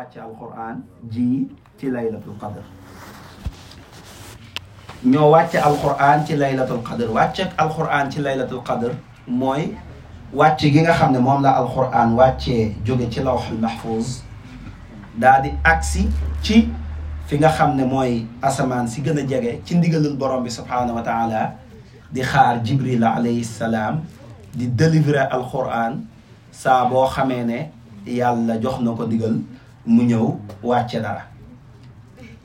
wàcce alquran ji ci laylatul qadr ñoo wàcce alquran ci laylatul qadr wàcce alquran ci laylatul qadr mooy wàcce gi nga xam ne moom la alquran wàccee joge ci lawxul mahfuz daa di agsi ci fi nga xam ne mooy asamaan si gën a jege ci ndigalul borom bi subhaanahu wa di xaar jibril alayhi salaam di délivrer alquran saa boo xamee ne yàlla jox na ko digal mu ñëw wàcce dara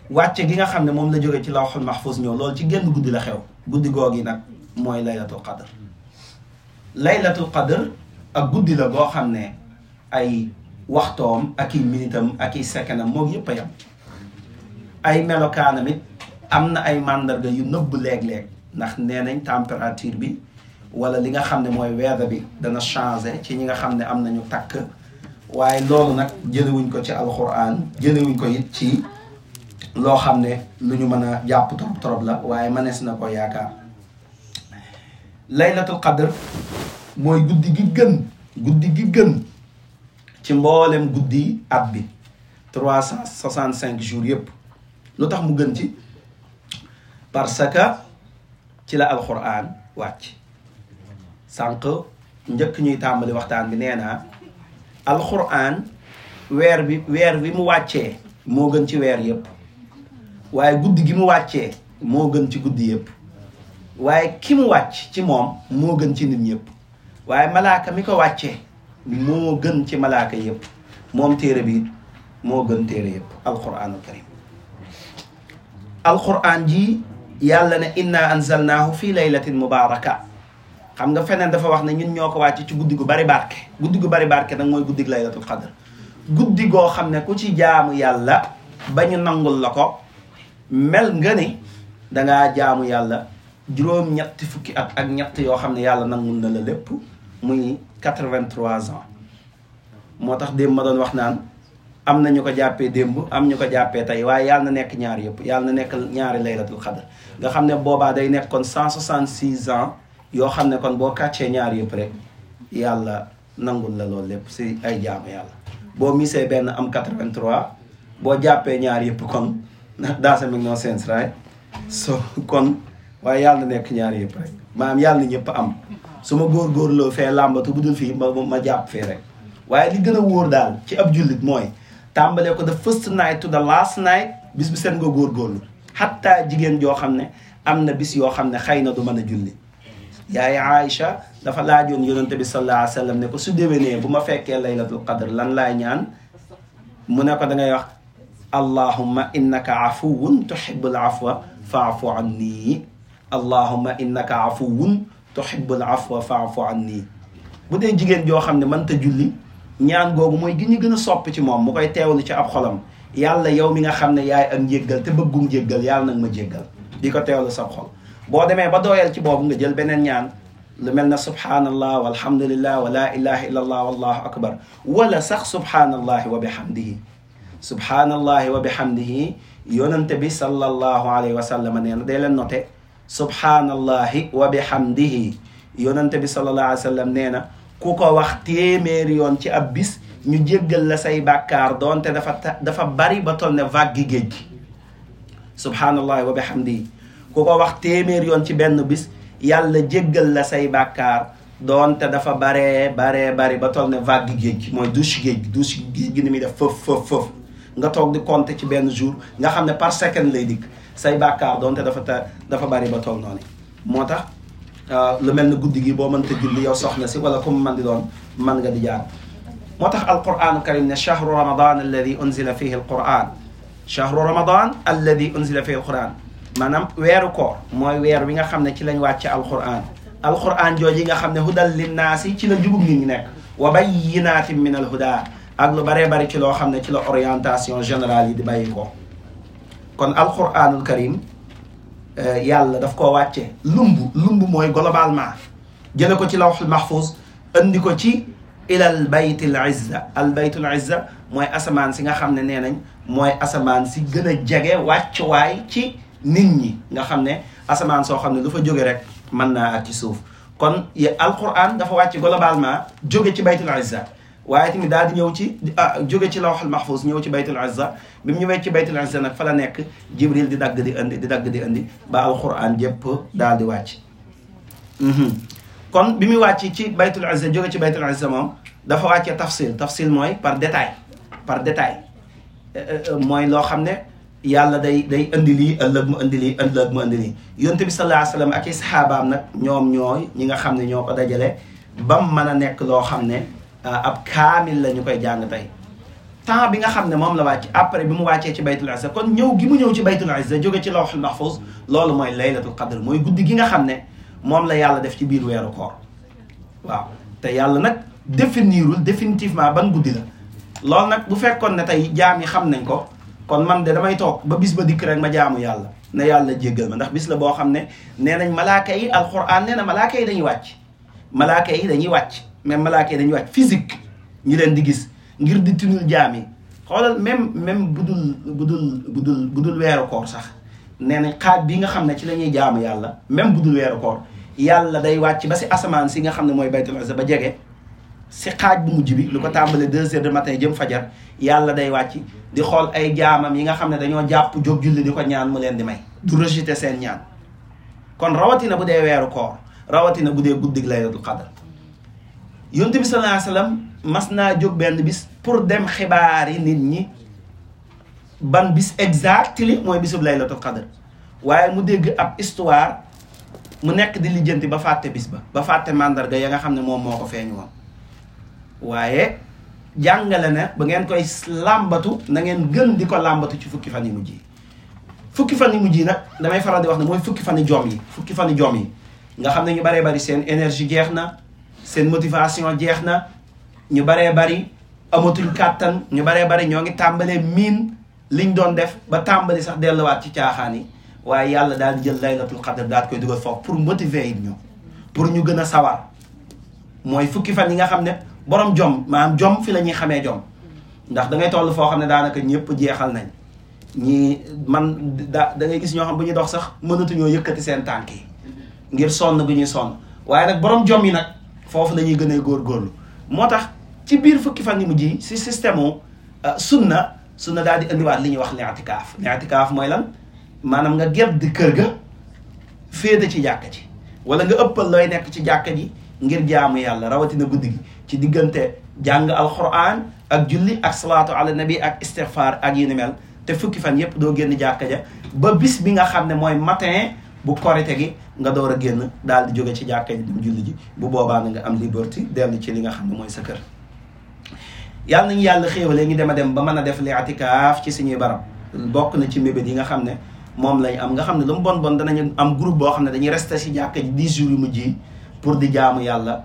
wàcce gi nga xam ne moom la jóge ci lawxul mahfuz ñëw loolu ci génn guddi la xew guddi googi nag mooy laylatul qadr laylatul qadr ak guddi la goo xam ne ay waxtoom ak i minitam ak i sekkanam moom yëpp yam ay melokaanam it am na ay màndarga yu nëbb leeg léeg ndax nee nañ température bi wala li nga xam ne mooy weather bi dana changé ci ñi nga xam ne am nañu takk waaye loolu nag jëlewuñ ko ci alxuraan jëlewuñ ko it ci loo xam ne lu ñu mën a jàpp torop torop la waaye si na ko yaakaar laylatul qadr mooy guddi gi gën ci mboolem guddi at bi trois cent soixante cinq jours yépp lu tax mu gën ci parce que ci la alxuraan wàcc sànq njëkk ñuy tàmbali waxtaan bi nee naa alxuraan weer bi weer bi mu wàccee moo gën ci weer yëpp waaye guddi gi mu wàccee moo gën ci guddi yëpp waaye ki mu wàcc ci moom moo gën ci nit ñëpp waaye malaaka mi ko wàccee moo gën ci malaaka yëpp moom téere bi moo gën téere yëpp alquraanul karim alquraan ji yàlla ne inna anzalnaahu fi laylatin mubaraka xam nga feneen dafa wax ne ñun ñoo ko wàcc ci guddi gu bari barke guddi gu bari barke nag mooy guddi gi laylatul xadr guddi goo xam ne ku ci jaamu yàlla ba ñu nangul la ko mel nga ni dangaa jaamu yàlla juróom-ñetti fukki at ak ñett yoo xam ne yàlla nangul na la lépp muy quatre-vingt-trois ans moo tax démb ma doon wax naan am na ñu ko jàppee démb am ñu ko jàppee tey waaye yàlla na nekk ñaari yëpp yàlla na nekk ñaari laylatul xadr nga xam ne boobaa day nekkoon cent soixante-six ans yoo xam ne kon boo kàccee ñaar yëpp rek yàlla nangu la loolu lépp si ay jaamu yàlla boo misee benn am 83 boo jàppee ñaar yëpp kon daa sa mi no sense right so kon waaye yàlla nekk ñaar yëpp rek maanaam yàlla na ñëpp am su ma góor góorgóorloo fee làmbatu bu dul fii ma ma jàpp fee rek waaye li gën a wóor daal ci ab jullit mooy tàmbalee ko the first night to the last night bis bi seen nga góorgóorlu xattaa jigéen joo xam ne am na bis yoo xam ne xëy na du mën a julli yaay Aïcha dafa laajoon yonante bi sallallahu alayhi wa ne ko su déwénee bu ma fekkee laylatul qadr lan laay ñaan mu ne ko da ngay wax allahumma innaka afuwun tuhibbul afwa fa'fu anni allahumma innaka afuwun tuhibbul afwa fa'fu anni bu dee jigéen joo xam ne mënta julli ñaan googu mooy gi ñu gën a sopp ci moom mu koy teewlu ci ab xolam yàlla yow mi nga xam ne yaay ak njéggal te bëggum jéggal yàlla nag ma jéggal di ko teewlu sa xol boo demee ba doyal ci boobu nga jël beneen ñaan lu mel na subhanallah walhamdulillah wa la ilaha illallah wallahu akbar wala sax subhanallahi wa bihamdihi subhanallahi wa bihamdihi yonente bi sallallahu alayhi wa sallam nee na day leen noté subhanallahi wa bihamdihi yonente bi sallallahu alayhi wa sallam nee na ku ko wax téeméeri yoon ci ab bis ñu jéggal la say bàkkaar doonte dafa dafa bari ba toll ne vague gi géej gi subhanallahi wa bihamdihi ku ko wax téeméer yoon ci benn bis yàlla jéggal la say bàkkaar doonte dafa baree baree bari ba toll ne vague géej gi mooy douche géej gi douche géej gi ni muy def fëf fëf fëf nga toog di compter ci benn jour nga xam ne par seconde lay dikk say bàkkaar doonte dafa ta dafa bari ba toll noonu moo tax euh, lu mel ne guddi gi boo mënta julli yow soxna si wala comme man di doon mën nga di jaar moo tax alquranu karim ne chahru ramadan alladi unzila fihi alquran chahru ramadan alladi unzila fihi alquran maanaam weeru ko mooy weer wi nga xam ne ci lañ wàcce alquran alquran jooji nga xam ne hudal linnaasi ci la jugub nit ñi nekk wa bay bayyinaatin min al huda ak lu baree bari ci loo xam ne ci la orientation générale yi di bàyyi ko kon alquranul karim eh, yàlla daf ko wàcce lumb lumb mooy globalement jële ko ci lawxul mahfuz andi ko ci ilal baytil izza al baytul mooy asamaan si nga xam ne nee nañ mooy asamaan si gën a jege wàccuwaay ci nit ñi nga xam ne asamaan soo xam ne lu fa jóge rek mën naa ak ci suuf kon alquran dafa wàcc globalement jóge ci baytul izza waaye tamit daal di ñëw ci ah jóge ci lawxal mahfuz ñëw ci baytul izza bi mu ñëwee ci baytul izza nag fa la nekk jibril di dagg di indi di dagg di indi ba alquran jëpp daal di wàcc mhm. kon bi muy wàcc ci baytul izza jóge ci baytul izza moom dafa wàccee tafsil tafsil mooy par détail par détail euh, euh, mooy loo xam ne yàlla day day indi lii ëllëg mu indi lii ëllëg mu indi lii yonent bi sallallahu alayhi wa sallam ak i saxaabaam nag ñoom ñooy ñi nga xam ne ñoo ko dajale ba mu mën a nekk loo xam ne ah, ab kaamil la ñu koy jàng tey temps bi nga xam ne moom la wàcc après bi mu wàccee ci baytul izza kon ñëw gi mu ñëw ci baytul izza jóge ci lawhul mahfuz loolu mooy laylatul qadr mooy guddi gi nga xam ne moom la yàlla def ci biir weeru koor waaw te yàlla nag définirul définitivement ban guddi loolu nag bu fekkoon ne tey jaam yi xam nañ ko kon man de damay toog ba bis ba dikk rek ma jaamu yàlla ne yàlla jéggal ma ndax bis la boo xam ne nee nañ malaaka yi alxuraan nee na malaaka yi dañuy wàcc malaaka yi dañuy wàcc même malaaka yi dañuy wàcc physique ñu leen di gis ngir di tinul jaam yi xoolal même même bu dul bu dul bu dul bu dul weeru koor sax nee nañ xaaj bi nga xam ne ci la ñuy jaamu yàlla même bu dul weeru koor yàlla day wàcc ba si asamaan si nga xam ne mooy baytul izza ba jege si xaaj bu mujj bi lu ko tàmbalee deux heures de matin jëm fajar yàlla day wàcc di xool ay jaamam yi nga xam ne dañoo jàpp jog julli di ko ñaan mu leen di may du rejeté seen ñaan kon rawatina bu dee weeru koor rawatina bu dee guddig laylatul qadr yonent bi sallallahu alayhi wasallam mas naa jóg benn bis pour dem xibaar yi nit ñi ban bis exact li mooy bisub laylatul qadr waaye mu dégg ab histoire mu nekk di lijjanti ba fàtte bis ba ba fàtte mandarga ya nga xam ne moom moo ko feeñ woon waaye jàngale na ba ngeen koy làmbatu na ngeen gën di ko làmbatu ci fukki fan yi mujj yi fukki fan yi mujj yi nag damay faral di wax na mooy fukki fan joom yi fukki fan yu joom yi nga xam ne ñu baree bari seen énergie jeex na seen motivation jeex na ñu baree bari amatuñ kàttan ñu baree bari ñoo ngi tàmbalee miin liñ doon def ba tàmbali sax delluwaat ci caaxaan yi waaye yàlla daal jël laylatul qadr daal koy dugal foofu pour motiver it ñu pour ñu gën a sawar mooy fukki fan yi nga xam ne borom jomm maanaam jomm fi la ñuy xamee jom ndax da ngay toll foo xam ne daanaka ñëpp jeexal nañ ñi man da dangay gis ñoo xam bu ñuy dox sax mënatuñoo yëkkati seen tànk yi ngir sonn bi ñuy sonn waaye nag borom jomm yi nag foofu la ñuy gën a góorlu moo tax ci biir fukki fan yi mujj yi si système u euh, sunna sunna daal di indiwaat li ñuy wax li'tikaaf li'tikaaf mooy lan maanaam nga di kër ga féete ci jàkka ji wala nga ëppal looy nekk ci jàkka ji ngir jaamu yàlla rawatina guddi gi ci diggante jàng alquran ak julli ak salaatu ala nabi ak istighfar ak yu ni mel te fukki fan yépp doo génn jàkka ja ba bis bi nga xam ne mooy matin bu korite gi nga door a génn daal di jóge ci jàkka ji dem bu boobaa na nga am liberté dellu ci li nga xam mooy sa kër yàlla nañu yàlla xéewalee ñu dem a ba mën a def li ci suñuy barab bokk na ci mébét yi nga xam ne moom lañ am nga xam ne lu mu bon bon danañu am groupe boo xam ne dañuy resté si jàkka ji 10 jours yu mujj yi pour di jaamu yàlla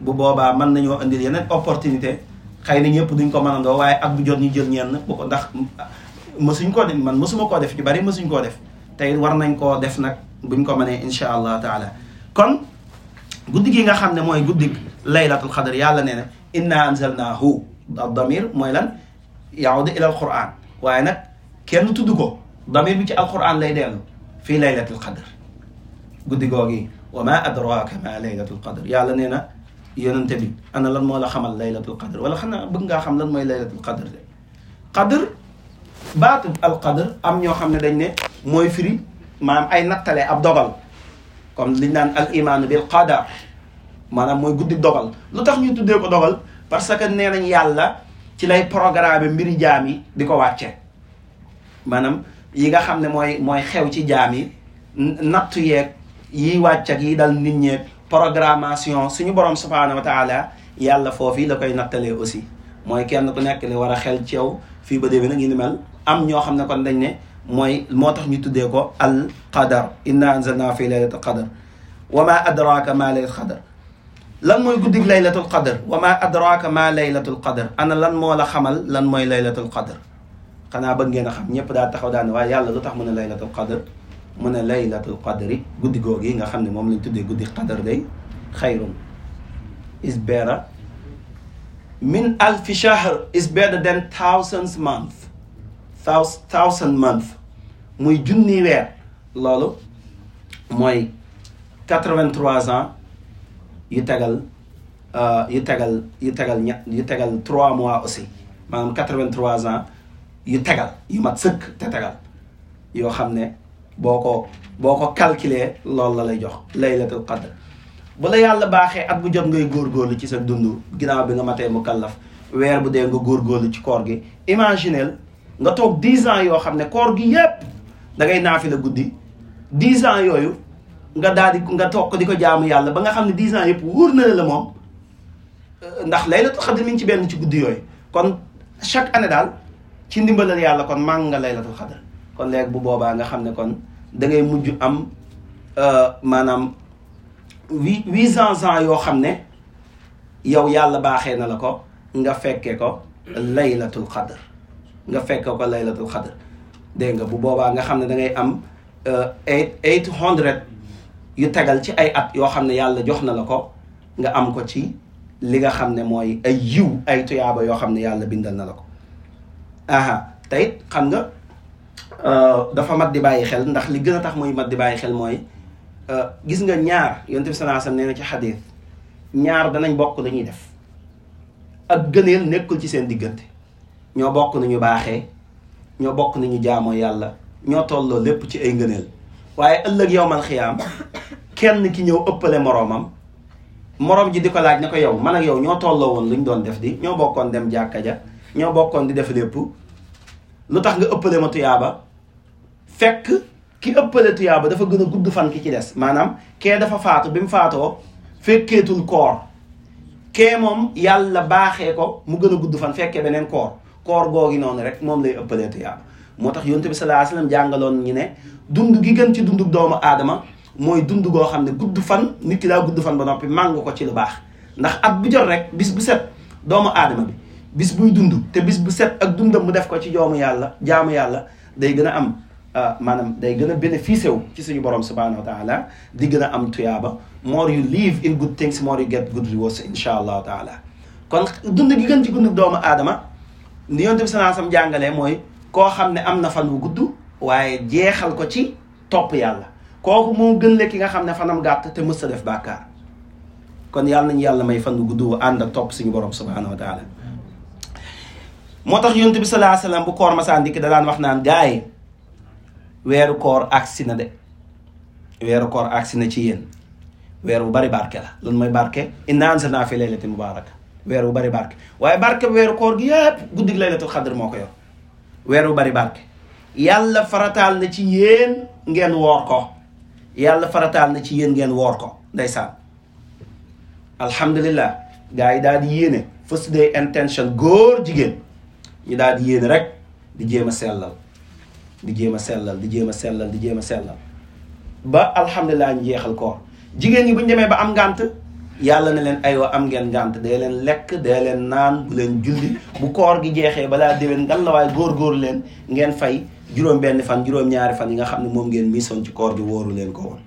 bu boobaa mën nañoo indil yeneen opportunité xëy na ñëpp duñ ko mënandoo waaye at bu jot ñu jël ñenn bu ko ndax mësuñ koo def man mësuma koo def ci bari mësuñ koo def tey war nañ koo def nag buñ ko mënee insha allah taala kon guddi gi nga xam ne mooy guddi laylatul xadr yàlla nee na inna anzalnahu damir mooy lan yaawdu ila waaye nag kenn tudd ko damir bi ci alquran lay dellu fii laylatul xadr guddi googi wa ma adraka ma laylatul qadr yàlla nee na yonente bi ana lan moo la xamal laylatul qadr wala xanaa bëgg ngaa xam lan mooy laylatul qadr de am ñoo xam ne dañ ne mooy firi maanaam ay nattale ab dogal comme liñ naan al imaanu bil qadar maanaam mooy guddi dogal lu tax ñu tuddee ko dogal parce que nee nañ yàlla ci lay programme mbiri jaam yi di ko wàcce maanaam yi nga xam ne mooy mooy xew ci jaam yi nattu yeeg yi wàcc ak yi dal nit ñeeg programmation suñu borom subhaanahu wa taala yàlla foofii la koy nattalee aussi mooy kenn ku nekk li war a xel ci yow fii ba dee nag ñu ni mel am ñoo xam ne kon dañ ne mooy moo tax ñu tuddee ko al qadar inna anzalna fi laylatul qadar wa ma adraka ma laylatul qadar lan mooy guddig laylatul qadar wa ma adraka ma laylatul qadar ana lan moo la xamal lan mooy laylatul qadar xanaa bëgg ngeen a xam ñëpp daa taxaw daane waaye yàlla lu tax mu ne laylatul qadar mu ne laylatul qadri guddi googu yi nga xam ne moom lañ tuddee guddi qadar day xayrun isbera min alfi shahr is better than thousands month thousand month muy junni weer loolu mooy quatre-vingt-trois ans yu tegal euh, yu tegal yu tegal ña yu tegal trois mois aussi maanaam quatre-vingt-trois ans yu tegal yu mat sëkk yoo xam ne boo ko boo ko calculer loolu la lay jox laylatul qadr bu la yàlla baaxee at bu jot ngay góorgóorlu ci sa dund ginnaaw bi nga matee mu kallaf weer bu dee nga góor góorgóorlu ci koor gi imagineel nga toog dix ans yoo xam ne koor gi yépp da ngay naafi la guddi dix ans yooyu nga daal di nga toog di ko jaamu yàlla ba nga xam ne dix ans yëpp wóor na la moom euh, ndax laylatul xadr mi ngi ci benn ci guddi yooyu kon chaque année daal ci ndimbalal yàlla kon màng nga laylatul xadr kon léegi bu boobaa nga xam ne kon da ngay mujj am euh, maanaam huit huit cent ans yoo xam ne yow yàlla baaxee na la ko nga fekke ko laylatul xadr nga fekke ko laylatul xadr dégg nga bu boobaa nga xam ne da ngay am euh, eight eight hundred yu tegal ci ay at yoo xam ne yàlla jox na la ko nga am ko ci li nga xam ne mooy ay yiw ay tuyaaba yoo xam ne yàlla bindal na la ko aha xam nga Euh, dafa mat di bàyyi xel ndax li gën a tax muy mat di bàyyi xel mooy euh, gis nga ñaar yonent bi sallallahu alayhi ci xadiis ñaar danañ bokk la def ak gëneel nekkul ci seen diggante ñoo bokk nañu baaxe ñoo bokk nañu jaamoo yàlla ñoo tolloo lépp ci ay ngëneel waaye ëllëg yowmal xiyaam kenn ki ñëw ëppale moroomam moroom ji di ko laaj ne ko yow man ak yow ñoo tolloo woon lu ñu doon def di ñoo bokkoon dem jàkka ja ñoo bokkoon di def lépp lu tax nga ëppale ma ba fekk ki ëppale ba dafa gën a gudd fan ki ci des maanaam kee dafa faatu bi mu faatoo fekkeetul koor kee moom yàlla baaxee ko mu gën a gudd fan fekkee beneen koor koor googi noonu rek moom lay ëppalee tuyaaba moo tax yonent bi sallallahu alayhi wasallam jàngaloon ñu ne dund gi gën ci dundu doomu aadama mooy dund goo xam ne gudd fan nit ki daa gudd fan ba noppi màng ko ci lu baax ndax at bu jot rek bis bu set doomu aadama bis buy dund te bis bu set ak dundam mu def ko ci joomu yàlla jaamu yàlla day gën a am ah, maanaam day gën a bénéficié wu ci suñu borom subhanahu wa taala di gën a am tuyaaba more you live in good things more you get good rewards insha allah taala kon dund gi gën ci dund doomu aadama ni yonent bi sallallahu alayhi wasallam jàngalee mooy koo xam ne am na fan wu gudd waaye jeexal ko ci topp yàlla kooku moo gën le ki nga xam ne fanam gàtt te mës a def bàkkaar kon yàlla nañu yàlla may fan wu gudd ànd ak suñu borom subhanahu wa taala moo tax yonent bi salaa salaam bu koor masaan dikk daan wax naan gars weeru koor agsi na de weeru koor agsi na ci yéen weer bu bari barke la lan mooy barke inna anzalnaa fi laylatin mubaaraka weer bari barke waaye barke weeru koor gi yëpp guddig laylatul xadr moo ko yor weer bu bari barke yàlla farataal na ci yéen ngeen woor ko yàlla farataal na ci yéen ngeen woor ko day ndeysaan alhamdulillah gars yi daal di yéene fës day intention góor jigéen ñu daal di yéene rek di jéem a sellal di jéem a sellal di jéem a sellal di jéem a sellal ba alhamdulilah ñu jeexal koor jigéen ñi bu ñu demee ba am ngant yàlla na leen aywa am ngeen ngànt dee leen lekk dee leen naan bu leen julli bu koor gi jeexee balaa déwén ngan la waaye góor-góor leen ngeen fay juróom benn fan juróom-ñaari fan yi nga xam ne moom ngeen misoon ci koor gi wóoru leen ko woon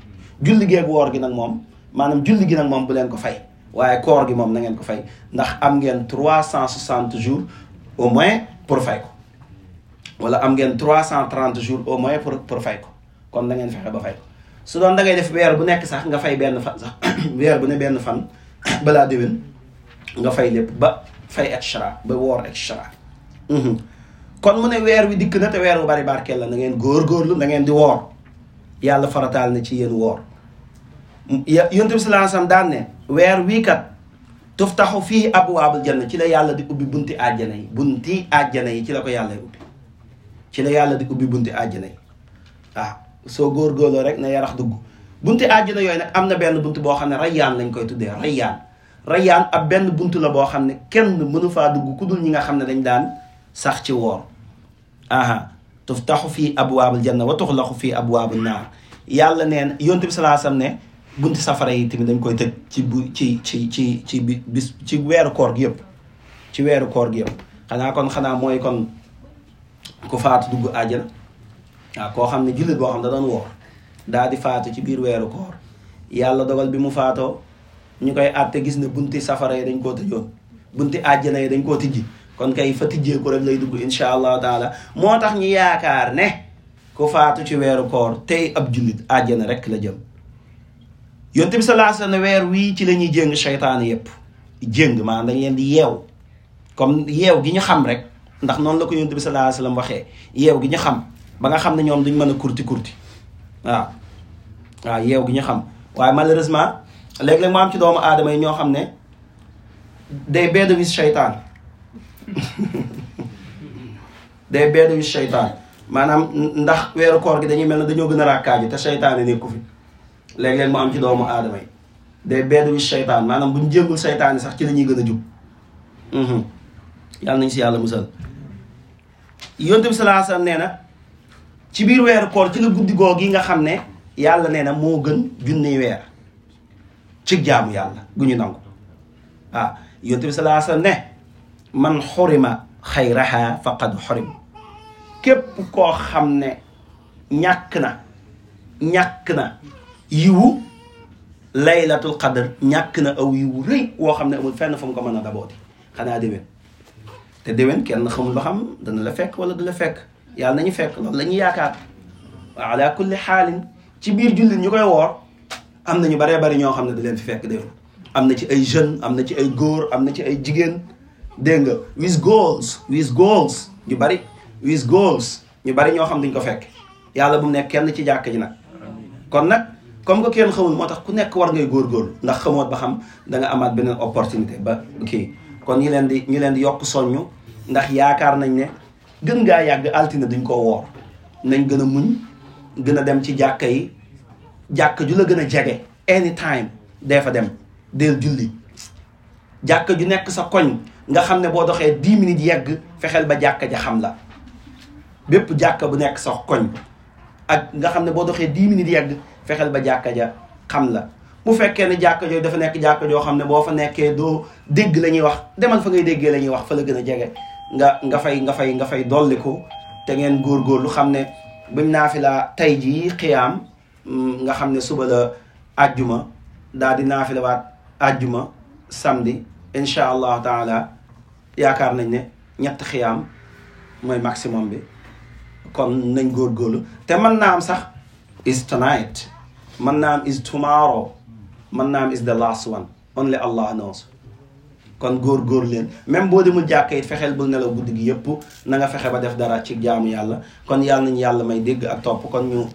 julli geeg woor gi nag moom maanaam julli gi nag moom bu leen ko fay waaye koor gi moom na ngeen ko fay ndax am ngeen trois cent soixante jours au moins pour fay ko wala am ngeen trois cent trente jours au moins pour pour fay ko kon da ngeen ba fay ko su doon da ngay def weer bu nekk sax nga fay benn fan sax weer bu ne benn fan balaa déwén nga fay lépp ba fay extra ba woor extra mhm. kon mu ne weer wi dikk na te weer wu bari barke la na ngeen góor góorgóorlu na ngeen di woor yàlla farataal na ci yéen woor yonent bi sallallahu alayhi wasallam daan weer wii kat tuftaxu fii abwaabul janna ci la yàlla di ubbi bunti àjjana yi bunti àjjana yi ci la ko yàlla ubbi yàlla di ubbi bunti àjjana yi waaw ah, soo góorgóorloo rek na yarax dugg bunti àjjana yooyu nag am na benn bunt boo xam ne rayyaan lañ koy tuddee rayyaan rayyaan ab benn bunt la boo xam ne kenn mënu faa dugg ku dul ñi nga xam ne dañ daan sax ci woor aha tuftaxu fii abwaabul janna wa tuxlaxu fii abwaabun naar yàlla neen yontu bi ne bunti safara yi tamit dañ koy tëj ci bu ci ci ci ci bis ci weeru koor gi yëpp ci weeru koor gi yëpp xanaa kon xanaa mooy kon ku faatu dugg àjjana waaw koo xam ne jullit boo xam ne da doon woor daa di faatu ci biir weeru koor yàlla dogal bi mu faatoo ñu koy àtte gis ne bunti safara yi dañ koo tëjoon bunti àjjana yi dañ koo tijji kon kay fa tijjeeku rek lay dugg insha allahu taala moo tax ñu yaakaar ne ku faatu ci weeru koor tey ab jullit àjjana rek la jëm yonent bi sallallahu alayhi wasallam weer wii ci la ñuy jéng seytaane yépp jéng maanaam dañ leen di yeew comme yeew gi ñu xam rek ndax noonu la ko yonent bi sallallahu alayhi wasallam waxee yeew gi ñu xam ba nga xam ne ñoom duñ mën a kurti kurti waaw waaw gi ñu xam waaye malheureusement léeg-léeg mu ci doomu aadama yi ñoo xam ne day beddu wis seytaan day beddu wis seytaan maanaam ndax weeru koor gi dañuy mel ne dañoo gën a ràkkaaju te seytaane nekku fi léeg-léeg mu am ci doomu aadama yi day beddu seytaan maanaam bu ñu jéggul seytaan yi sax ci la ñuy gën a jub mhm. yàlla nañ si yàlla musal yonte bi salaa sallam nee na ci biir weeru koor ci la guddi googu nga xam ne yàlla nee na moo gën junni weer ci jaamu yàlla gu ñu nangu ah yonte bi salaa sallam ne man xurima xayraha faqad xurim képp koo xam ne ñàkk na ñàkk na yiwu laylatul qadr ñàkk na aw yiwu rëy woo xam ne amul fenn fu mu ko mën a dabooti xanaa déwén te déwén kenn xamul ba xam dana la fekk wala du la fekk na nañu fekk loolu la ñuy yaakaar wa ala kulli xaalin ci biir jullit ñu koy woor am na ñu baree bari ñoo xam ne da leen fi fekk déwén am na ci ay jeune am na ci ay góor am na ci ay jigéen dégg nga with goals with goals ñu bari with goals ñu bari ñoo xam dañ ko fekk yàlla bu mu nekk kenn ci jàkk ji nag kon nag comme que kenn xamul moo tax ku nekk war ngay góorgóorlu ndax xamoot ba xam da amaat beneen opportunité ba kii kon ñi leen di ñi leen di yokk soññu ndax yaakaar nañ ne gën gaa yàgg altine duñ ko woor nañ gën a muñ gën a dem ci jàkka yi jàkka ju la gën a jege anytime dee fa dem del julli jàkka ju nekk sa koñ nga xam ne boo doxee dix minutes yegg fexeel ba jàkka ja xam la bépp jàkka bu nekk sa koñ ak nga xam ne boo doxee dix minutes yegg fexeel ba jàkka ja xam la bu fekkee ne jàkka jooju dafa nekk jàkka joo xam ne boo fa nekkee doo dégg la ñuy wax demal fa ngay déggee la ñuy wax fa la gën a jege nga nga fay nga fay nga fay dolliku te ngeen góor góorgóorlu xam ne buñ naa fi tey jii xiyaam mm, nga xam ne suba la ajjuma daal di naafila waat ajjuma samedi incha allahu taala yaakaar nañ ne ñett xiyaam mooy maximum bi kon nañ góorgóorlu te mën naa am sax is tonight mannaam is tomorrow mannaam is the last one le Allah knows kon góor-góor leen même boo demul jàkkee it fexeel bul nelaw guddi gi yëpp na nga fexe ba def dara ci jaamu yàlla kon yàlla nañu yàlla may dégg ak topp kon ñu